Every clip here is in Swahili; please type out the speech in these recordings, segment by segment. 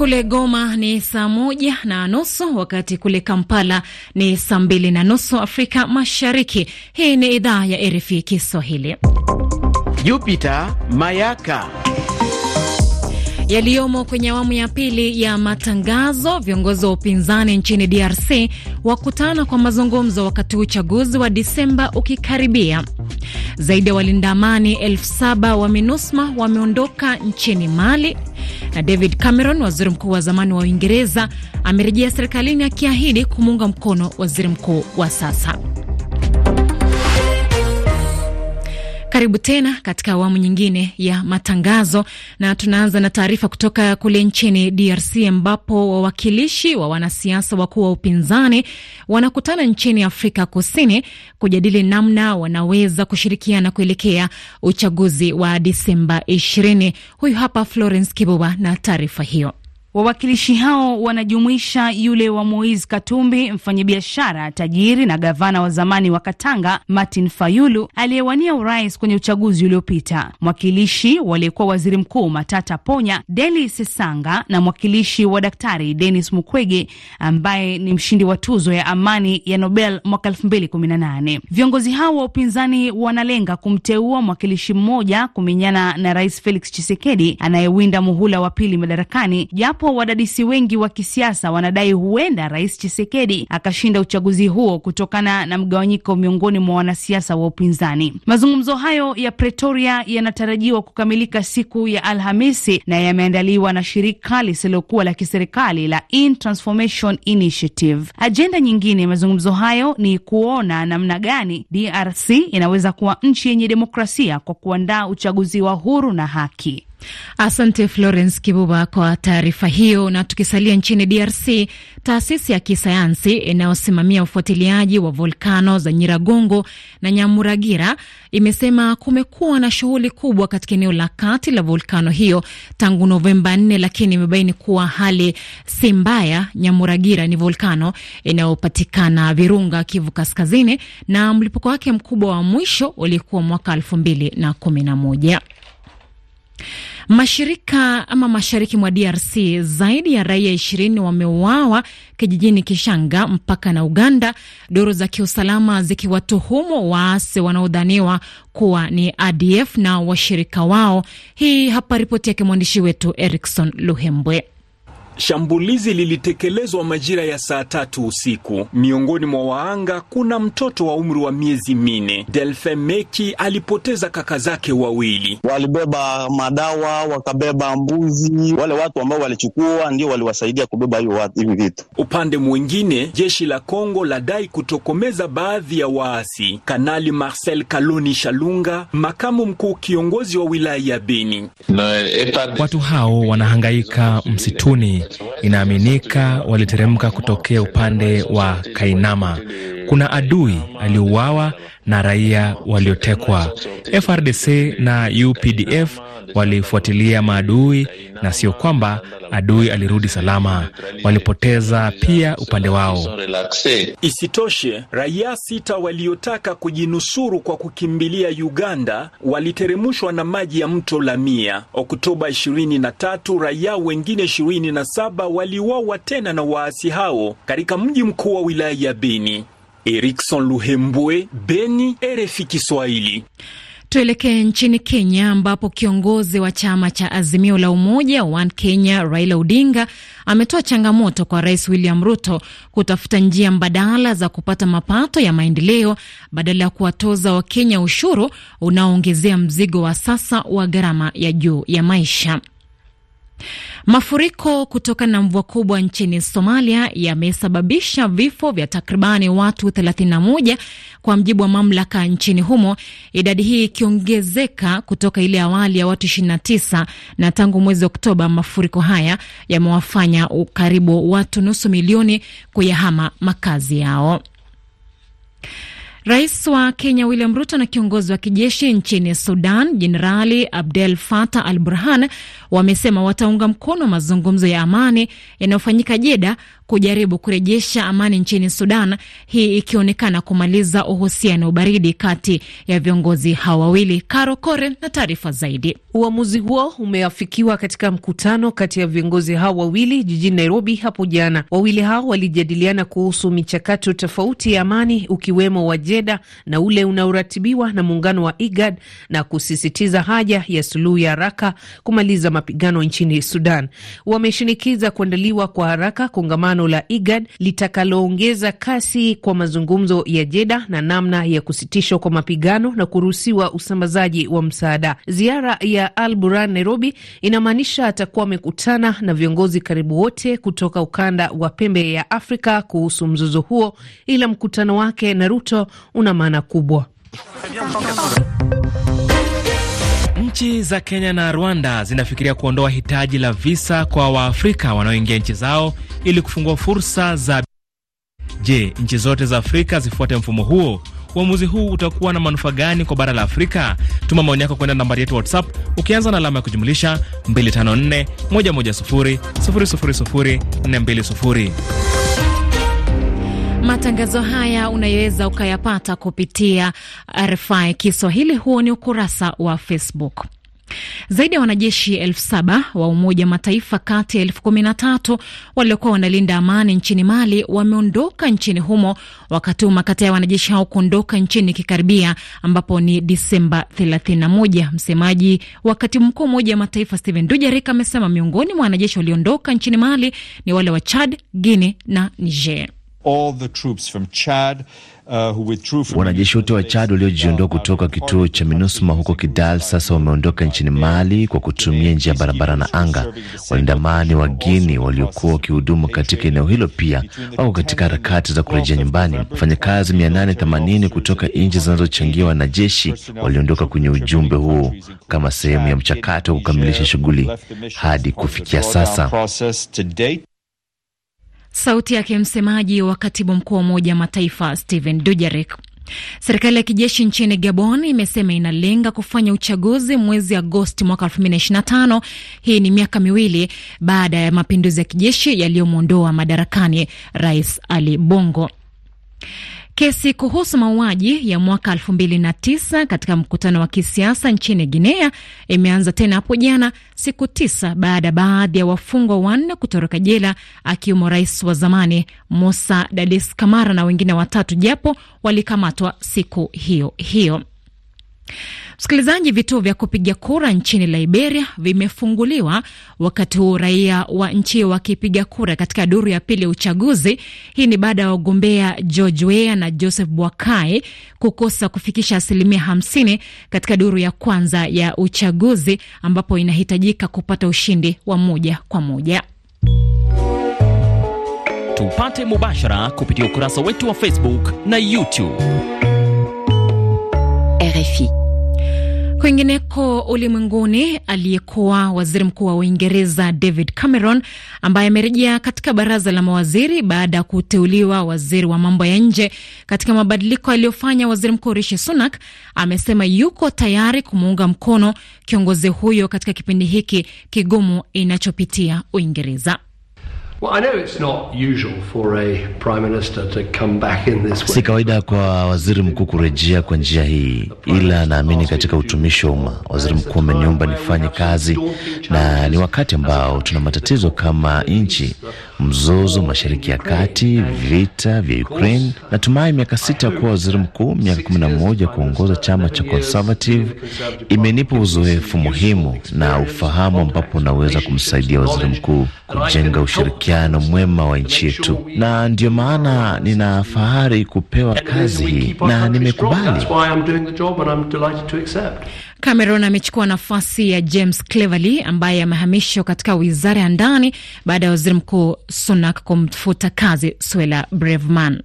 Kule Goma ni saa moja na nusu, wakati kule Kampala ni saa mbili na nusu Afrika Mashariki. Hii ni idhaa ya RFI Kiswahili. Jupiter Mayaka yaliyomo kwenye awamu ya pili ya matangazo. Viongozi wa upinzani nchini DRC wakutana kwa mazungumzo wakati uchaguzi wa Disemba ukikaribia. Zaidi ya walinda amani elfu saba wa MINUSMA wameondoka nchini Mali, na David Cameron, waziri mkuu wa zamani wa Uingereza, amerejea serikalini akiahidi kumuunga mkono waziri mkuu wa sasa. Karibu tena katika awamu nyingine ya matangazo, na tunaanza na taarifa kutoka kule nchini DRC ambapo wawakilishi wa wanasiasa wakuu wa upinzani wanakutana nchini Afrika Kusini kujadili namna wanaweza kushirikiana kuelekea uchaguzi wa Disemba 20. Huyu hapa Florence Kibuba na taarifa hiyo. Wawakilishi hao wanajumuisha yule wa Moise Katumbi, mfanyabiashara tajiri na gavana wa zamani wa Katanga Martin Fayulu aliyewania urais kwenye uchaguzi uliopita, mwakilishi waliyekuwa waziri mkuu Matata Ponya, Deli Sesanga na mwakilishi wa Daktari Denis Mukwege ambaye ni mshindi wa tuzo ya amani ya Nobel mwaka elfu mbili kumi na nane. Viongozi hao wa upinzani wanalenga kumteua mwakilishi mmoja kumenyana na Rais Felix chisekedi anayewinda muhula wa pili madarakani japo ambapo wadadisi wengi wa kisiasa wanadai huenda Rais Chisekedi akashinda uchaguzi huo kutokana na mgawanyiko miongoni mwa wanasiasa wa upinzani. Mazungumzo hayo ya Pretoria yanatarajiwa kukamilika siku ya Alhamisi na yameandaliwa na shirika lisilokuwa la kiserikali la In Transformation Initiative. Ajenda nyingine ya mazungumzo hayo ni kuona namna gani DRC inaweza kuwa nchi yenye demokrasia kwa kuandaa uchaguzi wa huru na haki. Asante Florence Kibuba kwa taarifa hiyo. Na tukisalia nchini DRC, taasisi ya kisayansi inayosimamia ufuatiliaji wa volkano za Nyiragongo na Nyamuragira imesema kumekuwa na shughuli kubwa katika eneo la kati la volkano hiyo tangu Novemba 4, lakini imebaini kuwa hali si mbaya. Nyamuragira ni volkano inayopatikana Virunga, Kivu Kaskazini, na mlipuko wake mkubwa wa mwisho ulikuwa mwaka 2011. Mashirika ama mashariki mwa DRC, zaidi ya raia ishirini wameuawa kijijini Kishanga mpaka na Uganda, duru za kiusalama zikiwatuhumu waasi wanaodhaniwa kuwa ni ADF na washirika wao. Hii hapa ripoti yake mwandishi wetu Erikson Luhembwe. Shambulizi lilitekelezwa majira ya saa tatu usiku. Miongoni mwa waanga kuna mtoto wa umri wa miezi minne. Delfe Meki alipoteza kaka zake wawili. Walibeba madawa, wakabeba mbuzi. Wale watu ambao walichukua ndio waliwasaidia kubeba hiyo hivi vitu. Upande mwingine, jeshi la Kongo ladai kutokomeza baadhi ya waasi. Kanali Marcel Kaloni Shalunga, makamu mkuu kiongozi wa wilaya ya Beni: watu hao wanahangaika msituni Inaaminika waliteremka kutokea upande wa Kainama kuna adui aliyouawa na raia waliotekwa. FRDC na UPDF walifuatilia maadui, na sio kwamba adui alirudi salama, walipoteza pia upande wao. Isitoshe, raia sita waliotaka kujinusuru kwa kukimbilia Uganda waliteremshwa na maji ya mto Lamia. Oktoba 23, raia wengine 27 waliuawa tena na waasi hao katika mji mkuu wa wilaya ya Beni. Erikson Luhembwe, Beni, RFI Kiswahili. Tuelekee nchini Kenya ambapo kiongozi wa chama cha Azimio la Umoja One Kenya Raila Odinga ametoa changamoto kwa Rais William Ruto kutafuta njia mbadala za kupata mapato ya maendeleo badala ya kuwatoza Wakenya ushuru unaoongezea mzigo wa sasa wa gharama ya juu ya maisha. Mafuriko kutokana na mvua kubwa nchini Somalia yamesababisha vifo vya takribani watu 31 kwa mjibu wa mamlaka nchini humo, idadi hii ikiongezeka kutoka ile awali ya watu 29. Na tangu mwezi Oktoba, mafuriko haya yamewafanya karibu watu nusu milioni kuyahama makazi yao. Rais wa Kenya William Ruto na kiongozi wa kijeshi nchini Sudan Jenerali Abdel Fattah al Burhan wamesema wataunga mkono mazungumzo ya amani yanayofanyika Jeda kujaribu kurejesha amani nchini Sudan, hii ikionekana kumaliza uhusiano baridi kati ya viongozi hao wawili. Karo Kore na taarifa zaidi. Uamuzi huo umeafikiwa katika mkutano kati ya viongozi hao wawili jijini Nairobi hapo jana. Wawili hao walijadiliana kuhusu michakato tofauti ya amani, ukiwemo wa Jeda na ule unaoratibiwa na muungano wa IGAD na kusisitiza haja ya suluhu ya haraka kumaliza mapigano nchini Sudan. Wameshinikiza kuandaliwa kwa haraka kongamano kongamano la IGAD litakaloongeza kasi kwa mazungumzo ya Jeda na namna ya kusitishwa kwa mapigano na kuruhusiwa usambazaji wa msaada. Ziara ya Al Buran Nairobi inamaanisha atakuwa amekutana na viongozi karibu wote kutoka ukanda wa pembe ya Afrika kuhusu mzozo huo, ila mkutano wake na Ruto una maana kubwa. Nchi za Kenya na Rwanda zinafikiria kuondoa hitaji la visa kwa Waafrika wanaoingia nchi zao ili kufungua fursa za. Je, nchi zote za Afrika zifuate mfumo huo? Uamuzi huu utakuwa na manufaa gani kwa bara la Afrika? Tuma maoni yako kwenda nambari yetu WhatsApp ukianza na alama ya kujumlisha 254 110 000 420. Matangazo haya unayoweza ukayapata kupitia RFI Kiswahili. Huo ni ukurasa wa Facebook. Zaidi ya wanajeshi elfu saba wa Umoja Mataifa kati ya elfu kumi na tatu waliokuwa wanalinda amani nchini Mali wameondoka nchini humo, wakati huu makata ya wanajeshi hao kuondoka nchini kikaribia, ambapo ni Disemba 31. Msemaji wa katibu mkuu Umoja Mataifa Steven Dujarik amesema miongoni mwa wanajeshi walioondoka nchini Mali ni wale wa Chad, Guine na Niger. Uh, wanajeshi wote wa Chad waliojiondoa uh, kutoka kituo cha MINUSMA huko Kidal sasa wameondoka nchini Mali kwa kutumia njia barabara na anga. Walinda amani wageni waliokuwa wakihudumu katika eneo hilo pia wako katika harakati za kurejea nyumbani. Wafanyakazi 880 kutoka nchi zinazochangia wanajeshi waliondoka kwenye ujumbe huo kama sehemu ya mchakato wa kukamilisha shughuli hadi kufikia sasa. Sauti yake msemaji wa katibu mkuu wa Umoja Mataifa Stephen Dujarik. Serikali ya kijeshi nchini Gabon imesema inalenga kufanya uchaguzi mwezi Agosti mwaka 2025. Hii ni miaka miwili baada ya mapinduzi ya kijeshi yaliyomwondoa madarakani rais Ali Bongo. Kesi kuhusu mauaji ya mwaka 2009 katika mkutano wa kisiasa nchini Guinea imeanza tena hapo jana, siku tisa baada ya baadhi ya wafungwa wanne kutoroka jela, akiwemo rais wa zamani Musa Dadis Kamara na wengine watatu, japo walikamatwa siku hiyo hiyo. Msikilizaji, vituo vya kupiga kura nchini Liberia vimefunguliwa wakati huu raia wa nchi hiyo wakipiga kura katika duru ya pili ya uchaguzi. Hii ni baada ya wagombea George Weah na Joseph Boakai kukosa kufikisha asilimia hamsini katika duru ya kwanza ya uchaguzi, ambapo inahitajika kupata ushindi wa moja kwa moja. Tupate mubashara kupitia ukurasa wetu wa Facebook na YouTube RFI. Kwingineko ulimwenguni, aliyekuwa waziri mkuu wa Uingereza David Cameron, ambaye amerejea katika baraza la mawaziri baada ya kuteuliwa waziri wa mambo ya nje katika mabadiliko aliyofanya waziri mkuu Rishi Sunak, amesema yuko tayari kumuunga mkono kiongozi huyo katika kipindi hiki kigumu inachopitia Uingereza. Si kawaida kwa waziri mkuu kurejea kwa njia hii, ila naamini katika utumishi wa umma. Waziri mkuu ameniomba nifanye kazi, na ni wakati ambao tuna matatizo kama nchi, mzozo mashariki ya kati, vita vya Ukraine. Natumai miaka sita kuwa waziri mkuu, miaka kumi na moja kuongoza chama cha Conservative imenipa uzoefu muhimu na ufahamu, ambapo unaweza kumsaidia waziri mkuu kujenga ushirikiano mwema wa nchi yetu, na ndiyo maana nina fahari kupewa kazi hii na nimekubali. Cameron amechukua nafasi ya James Cleverly ambaye amehamishwa katika wizara ya ndani baada ya waziri mkuu Sunak kumfuta kazi Suella Braverman.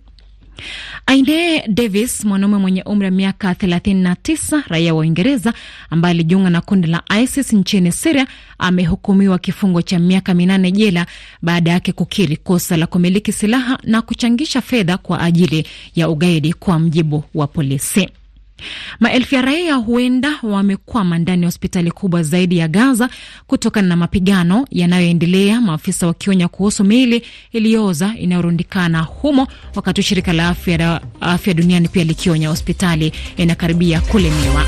Aine Davis, mwanaume mwenye umri wa miaka 39, raia wa Uingereza ambaye alijiunga na kundi la ISIS nchini Siria, amehukumiwa kifungo cha miaka minane jela baada yake kukiri kosa la kumiliki silaha na kuchangisha fedha kwa ajili ya ugaidi, kwa mjibu wa polisi. Maelfu ya raia huenda wamekwama ndani ya hospitali kubwa zaidi ya Gaza kutokana na mapigano yanayoendelea, maafisa wakionya kuhusu miili iliyooza inayorundikana humo, wakati shirika la afya, afya duniani pia likionya hospitali inakaribia kulemewa.